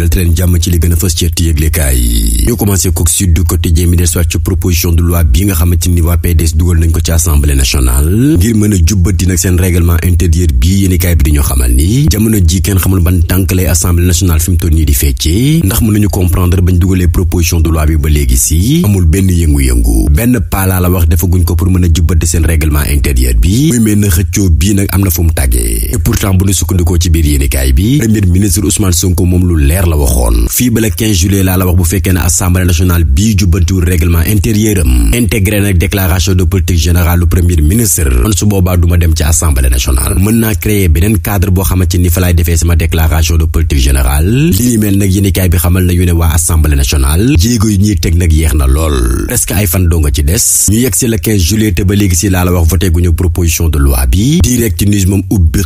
dal te leen jàmm ci li gën a fës ci yëglekaay yi ñu commencé ko sud du côté jéemi del soit ci proposition de loi bi nga a jubbati nag seen règlement di ñu xamal ni jamono ji kenn xamul ban tànk lay assemblée nationale fi mu toll nii di feccee ndax mën nañu comprendre bañ dugalee proposition de loi bi ba léegi si amul benn yëngu-yëngu benn paalaa wax defaguñ ko pour mën a jubbati seen règlement intérieur bi muy mel na xëccoo bii nag am na fu mu tàggee pourtant bu ñu sukkandikoo la waxoon fii ba le 15 juillet laa la wax bu fekkee ne assemblée nationale bii jubbantiwul règlement intérieur am intégré nag déclaration de politique générale du premier ministre kon su boobaa duma dem ci assemblée nationale mën naa créer beneen cadre boo xamante ni fa laay defee sama déclaration de politique générale li ni mel nag yénikaay bi xamal nañu ne waa assemblée nationale jéego yi ñuy teg nag yeex na lool presque ay fan doo nga ci des ñu yegg si le 15 ba léegi si laa la wax voté guñu proposition de loi bi direct news moom ubbi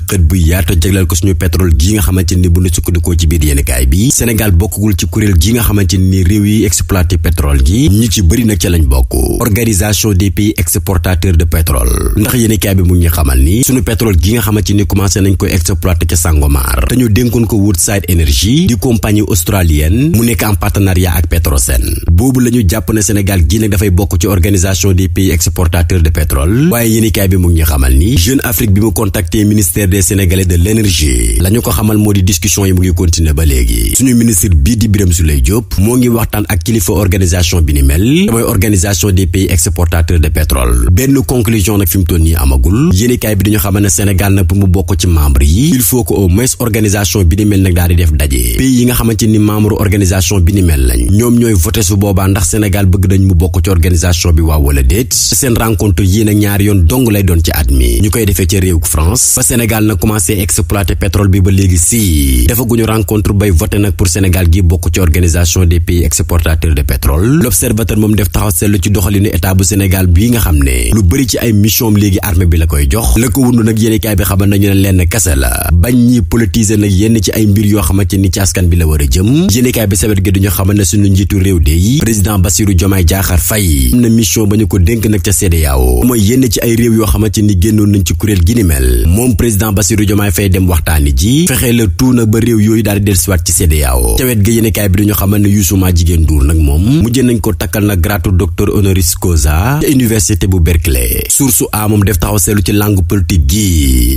xamante ni bu ñu sukkandikoo ci biir yénikaay bi Sénégal bokkagul ci kuréel gi nga xamante ni réew yi exploité pétrole gi ñi ci bëri nag ca lañ bokk organisation des pays exportateurs de pétrole ndax yéenekaay bi mu ngi xamal ni sunu pétrole gi nga xamante ni commencé nañ ko exploité ca Sangomar te ñu dénkoon ko Woodside Energy di compagnie australienne mu nekk en partenariat ak Petrosen boobu la ñu jàpp ne Sénégal gi nag dafay bokk ci organisation des pays exportateur de pétrole waaye yéenekaay bi mu xamal ni Jeune Afrique bi mu contacté ministère des Sénégalais de l'énergie la ñu ko xamal moo di discussion yi mu ngi continuer ba léegi suñu ministre bii di Birame Souleye Diop moo ngi waxtaan ak kilifa organisation bi ni mel damooy organisation des pays exportateurs de pétrole benn conclusion nag fi mu nii amagul yéenekaay bi dañu xamal ne Sénégal nag pour mu bokk ci membre yi il faut que au moins organisation bi ni mel nag ñoom ñooy voté su boobaa ndax Sénégal bëgg nañ mu bokk ci organisation bi waaw wala déet seen rencontre yii nag ñaari yoon dong lay doon ci at mi ñu koy defee ca réew France pour Sénégal gi bokk ci organisation des pays exportateurs de pétrole l'observateur moom def taxaw ci doxalinu état bu Sénégal bii nga xam ne lu bëri ci ay mission léegi armée bi la koy jox la ko wundu nag yéenekaay bi xamal nañu ne lenn kese la bañ ñi politiser nag yenn ci ay mbir yoo xamante ni ci askan bi la war a jëm yéenekaay bi sabet gi duñu xamal ne suñu njiitu réew dey président Bassirou Diomaye Diakhar Faye na mission ba ñu ko dénk nag ca CEDEAO yoo xamante ni génnoon nañ ci kuréel gi ni mel moom président Bassirou Diomaye Faye dem waxtaani ji fexe la tout nag ba réew yooyu daal di dellusiwaat ci CEDEAO ca wet ga yéenekaay bi dañu xamal ne Youssou Madjiguène Ndour nag moom mujjee nañ ko takkal na gratu docteur honoris causa ca université bu Berkeley source a moom def taxaw seetlu ci langue politique gi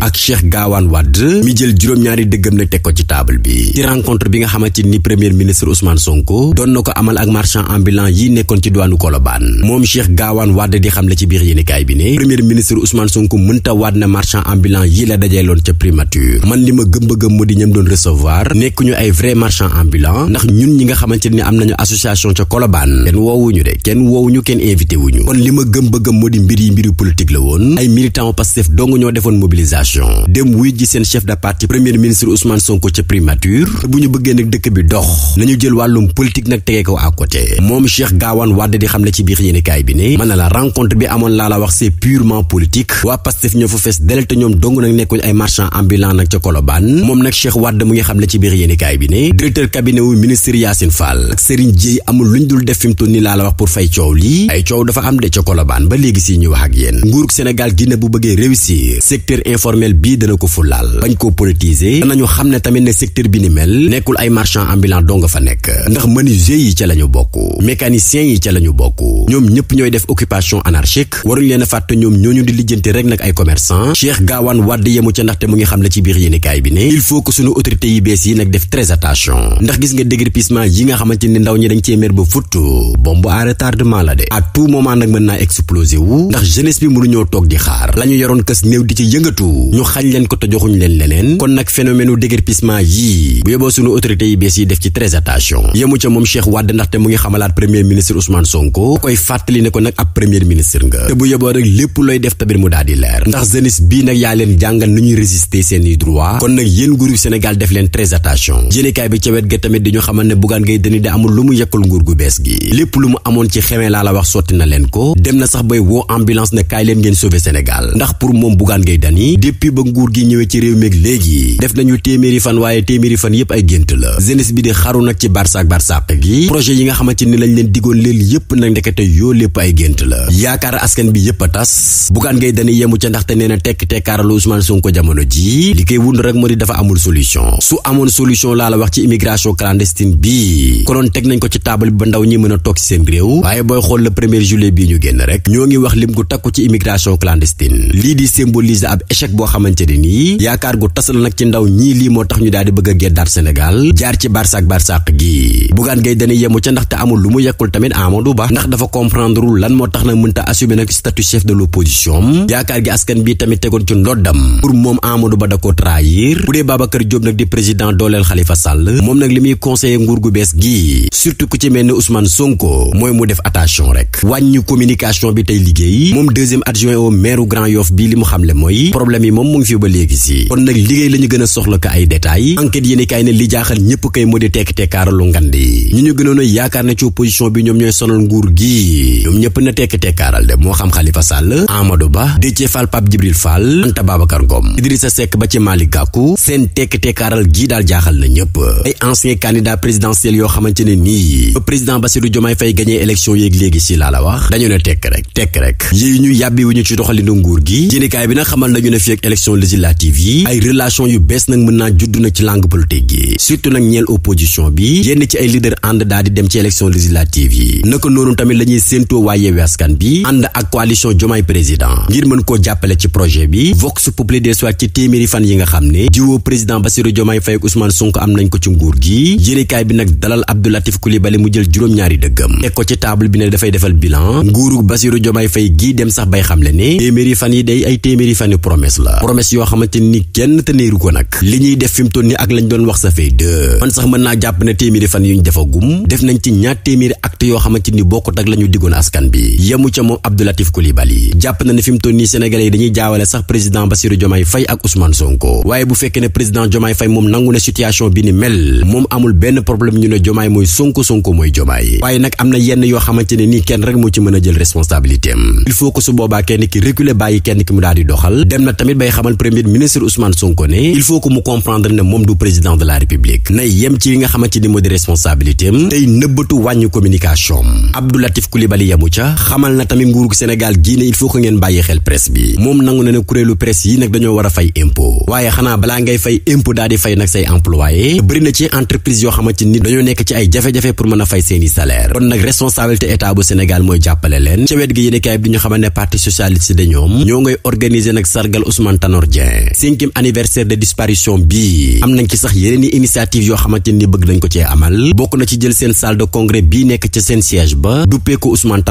ak Cheikh Gaawaan Wade mi jël juróom-ñaari dëggam nag teg ko ci table bi ci rencontre bi nga xamante ni premier ministre Ousmane Sonko doon na ko amal ak marchand ambulant yi nekkoon ci diwaanu Colobane moom Cheikh Gaawaan Wade di xamle ci biir yéenekaay bi ne premier ministre Ousmane Sonko mënta waat na marchand ambulant yi la dajeeloon ca primature man li ma gëm-bëggëm mu di ñam doon recevoir nekkuñu ay marchand ambulant ndax ñun ñi nga xamante ni am nañu association ca Colobane kenn woowuñu de kenn woowuñu kenn invité wuñu kon li ma gëm ba gëm moo di mbir yi mbiru politique la woon ay militant Pastef dong ñoo defoon mobilisation dem wuy ji seen chef de parti premier ministre Ousmane Sonko ca primature bu ñu bëggee nag dëkk bi dox nañu jël wàllum politique nag tegee ko à côté moom Cheikh Gawane Wade di xam ne ci biir yéenekaay bi ne mën na la rencontre bi amoon laa la wax c'est purement politique waa Pastef ñoo fa fees dell te ñoom dong nag nekkuñ ay marchand ambulant nag ca Colobane ne ci biir yéenekaay bi ne directeur cabinet wu ministre Yacine Fall ak Serigne Dieye amul luñ dul def fi mu laa la wax pour fay coow lii ay coow dafa am de ca Colobane ba léegi si ñu wax ak yéen nguurug Sénégal gi bu bëggee réussir secteur informel bii dana ko fulaal bañ koo politiser danañu xam ne tamit ne secteur bi ni mel nekkul ay marchand ambulant dong fa nekk ndax menuisier yi ca la ñu bokk mécaniciens yi ca la ñu bokk ñoom ñëpp ñooy def occupation anarchique waruñ leen a fàtte ñoom ñooñu di lijjanti rek nag ay commerçant bi yi bees yi nag def formation ndax gis nga déguerpissement yi nga xamante ni ndaw ñi dañ cee mer ba futt bombe à retardement la de à tout moment nag mën naa explosé wu ndax jeunesse bi mënuñoo toog di xaar la ñu yoroon kës néew di ci yëngatu ñu xañ leen ko te joxuñ leen leneen kon nag phénomène u déguerpissement yii bu yóbboo suñu autorité yi bees yi def ci très attention yemu ca moom Cheikh Wade ndaxte mu ngi xamalaat premier ministre Ousmane Sonko koy fàttali ne ko nag ab premier ministre nga te bu yóbboo rek lépp looy def tamit daal di leer ndax jeunesse bii nag yaa leen jàngal nu ñuy résister seeni droit kon nag yéen nguuru Sénégal def leen très bi ca wet ga tamit di ñu xamal ne Bougane Gueye Dany di amul lu mu yekkal nguur gu bees gi lépp lu mu amoon ci xemee laa la wax sotti na leen ko dem na sax bay woo ambulance ne kaay leen ngeen sauver Sénégal ndax pour moom Bougane Gueye Dany depuis ba nguur gi ñëwee ci réew meeg léegi def nañu téeméeri fan waaye téeméeri fan yépp ay gént la jeunesse bi di xaru nag ci barsak barsak gi projet yi nga xamante ni lañ leen digoon leen yépp nag ndekete yoo lépp ay gént la yaakaar askan bi yépp a tas Bougane Gueye Dany yemu ca ndaxte nee na tekk tekkaaralu Ousmane Sonko jamono ji li koy wund rek moo di dafa amul solution su amoon solution ci immigration clandestine bi konoon teg nañ ko ci taabal bi ba ndaw ñi mën a toog ci seen réew waaye booy xool le premier juillet bii ñu génn rek ñoo ngi wax lim gu takku ci immigration clandestine lii di symboliser ab échec boo xamante ne nii yaakaar gu tas la nag ci ndaw ñii lii moo tax ñu daal di bëgg a geddaat Sénégal jaar ci barsak barsak gi bugaan gay dana yemu ca ndaxte amul lu mu yekkul tamit Amadou Ba ndax dafa comprendrewul lan moo tax na mënta assumer nag statut chef de l'opposition yaakaar gi askan bi tamit tegoon ci ndoddam pour moom Amadou Ba di président dooleel Khalifa Sall moom nag li muy conseiller nguur gu bees gii surtout ku ci mel ni Ousmane Sonko mooy mu def attention rek wàññi communication bi tey liggéey moom deuxième adjoint au maire Grand Yoff bi li mu xamle mooy problème yi moom mu ngi fi ba léegi si kon nag liggéey la ñu gën a soxla ko ay détails enquête yéeni kaay ne li jaaxal ñëpp kay moo di tekk-tekkaaralu ngand ñu ñu gënoon a yaakaar ne ci opposition bi ñoom ñooy sonal nguur gi ñoom ñëpp na tekk-tekkaaral de moo xam Khalifa Sall Amadou Ba Déthié Fall Pape Djibril Fall Anta Babacar Ngom na ay ancien candidat présidentiel yoo xamante ne nii président Bassirou Diomaye Faye gagné élection yeeg léegi si laa la wax dañu ne tekk rek tekk rek yi yàbbi wu ñu ci doxalinu nguur gi jénikaay bi nag xamal nañu ne fii ak élection législative yi ay relation yu bees nag mën naa judd na ci langue politique gi surtout nag ñeel opposition bi yenn ci ay leader ànd daal dem ci élection législative yi naka noonu tamit la ñuy séentoo waa Yewwi bi ànd ak coalition Diomaye président bi Vox Populi des ci téeméeri fan yi nga xam ne jiwoo président nguur gi yéenekaay bi nag dalal Abdou Latif Coulibaly mu jël juróom-ñaari dëggam teg ko ci table bi ne dafay defal bilan nguuru Bassirou Diomaye Faye gii dem sax bay xamle ne téeméeri fan yi day ay téeméeri fan yu promesse la promesse yoo xamante ni kenn te ko nag li ñuy def fi mu toll doon wax sa fay de man sax mën naa jàpp ne téeméeri fan yuñ defagum def nañ ci ñaar téeméeri acte yoo xamante ni bokkut ak la ñu askan bi yemu ca moom Abdou Latif Coulibaly jàpp na ne fi mu toll nii sénégalais yi dañuy jaawale sax président Bassirou Diomaye Faye ak Ousmane Sonko waaye bu fekkee ne président bi jël moom amul benn problème ñu ne jomaay mooy sonko sonko mooy jomaay waaye nag am na yenn yoo xamante ne nii kenn rek moo ci mën a jël responsabilité am il faut que su boobaa kenn ki reculer bàyyi kenn ki mu daal di doxal dem na tamit bay xamal premier ministre Ousmane Sonko ne il faut que mu comprendre ne moom du président de la république nay yem ci li nga xamante ni moo di responsabilité am tey nëbbatu wàññi communication Abdou Latif Coulibaly yamu ca xamal na tamit nguurug Sénégal gii ne il faut que bàyyi xel presse bi moom nan na ne kuréelu presse yi nag dañoo war a fay impôt waaye xanaa balaa ngay fay impôt daal fay nag say employé bëri ci entreprise yoo xamante ni dañoo nekk ci ay jafe-jafe pour mën a fay seeni salaire kon nag responsabilité état bu Sénégal mooy jàppale leen ca wet gi yéenekaay bi ñu xamal ne parti socialiste de ñoom ñoo sargal Ousmane Tanor bi am nañ ci sax yeneen i initiative yoo xamante ni bëgg nañ ko cee amal bokk seen salle de congrès bii nekk ca seen siège ba duppee ko Ousmane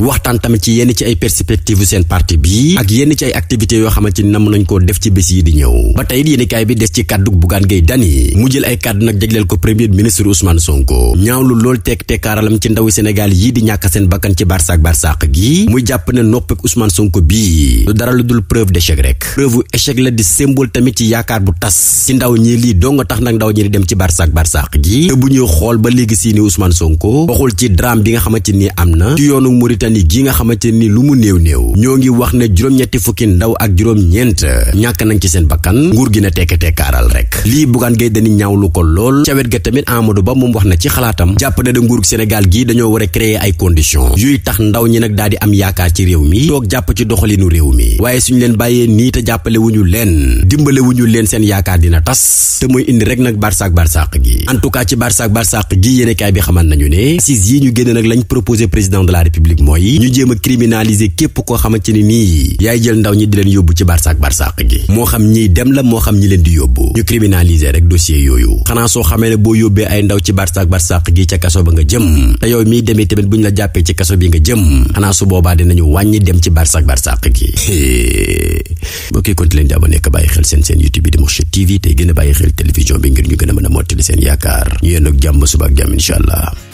waxtaan tamit ci yenn ci ay perspectives seen parti bi ak yenn ci ay activités yoo xamante ni nam nañ koo def ci bés yi di ñëw ba tey yéenekaay bi des ci kàddu Bougane Gueye Dany mu jël ay kàddu nag jagleel ko premier ministre Ousmane Sonko ñaaw ñaawlu lool tekk tekkaaralam ci ndawi Sénégal yii di ñàkk seen bakkan ci barsaak barsaak gi mu jàpp ne noppek Ousmane Sonko bii du dara lu dul preuve d'échec rek preuve échec la di symbole tamit ci yaakaar bu tas ci ndaw ñi lii doo nga tax nag ndaw ñi dem ci barsaak barsaak gi te bu ñuy xool ba léegi sii ni Ousmane Sonko waxul ci drame bi nga xamante nii am na ci yoonu Mauritanie gi nga xamante ni lu mu néew néew ñoo ngi wax ne juróom-ñetti fukki ndaw ak juróom-ñeent ñàkk nañ ci seen bakkan nguur gi na tekk tekkaaral rek lii bugaan gay dañu ñaawlu ko lool ca wet ga tamit Amadou Ba moom wax na ci xalaatam jàpp na da nguurug Sénégal gi dañoo war a créer ay conditions yuy tax ndaw ñi nag daal di am yaakaar ci réew mi toog jàpp ci doxalinu réew mi waaye suñu leen bàyyee nii te jàppale leen dimbale ñu leen seen yaakaar dina tas te mooy indi rek nag barsaak barsaak gi en tout cas ci barsaak barsaak gi yéenekaay bi xamal nañu ne assises yi ñu génn nag lañ proposé président de la république mooy ñu jéem a criminaliser képp koo xamante ni yaay jël ndaw ñi di leen yóbbu ci barsaak barsaak gi moo xam ñiy dem la moo xam ñi leen di yóbbu ñu criminaliser rek dossier yooyu xanaa soo xamee ne boo yóbbee ay ndaw ci barsaak barsaak gi ca kaso ba nga jëm te yow miy demee tamit bu ñu la jàppee ci kaso bi nga jëm xanaa su boobaa dinañu wàññi dem ci barsaak barsaak gi mbokk konti leen a abonné ka bàyyi xel seen seen YouTube bi di Mourchid TV tey gën a bàyyi xel télévision bi ngir ñu gën a mën a mottali seen yaakaar ñu yéen ak jàmm suba ak jàmm incha allah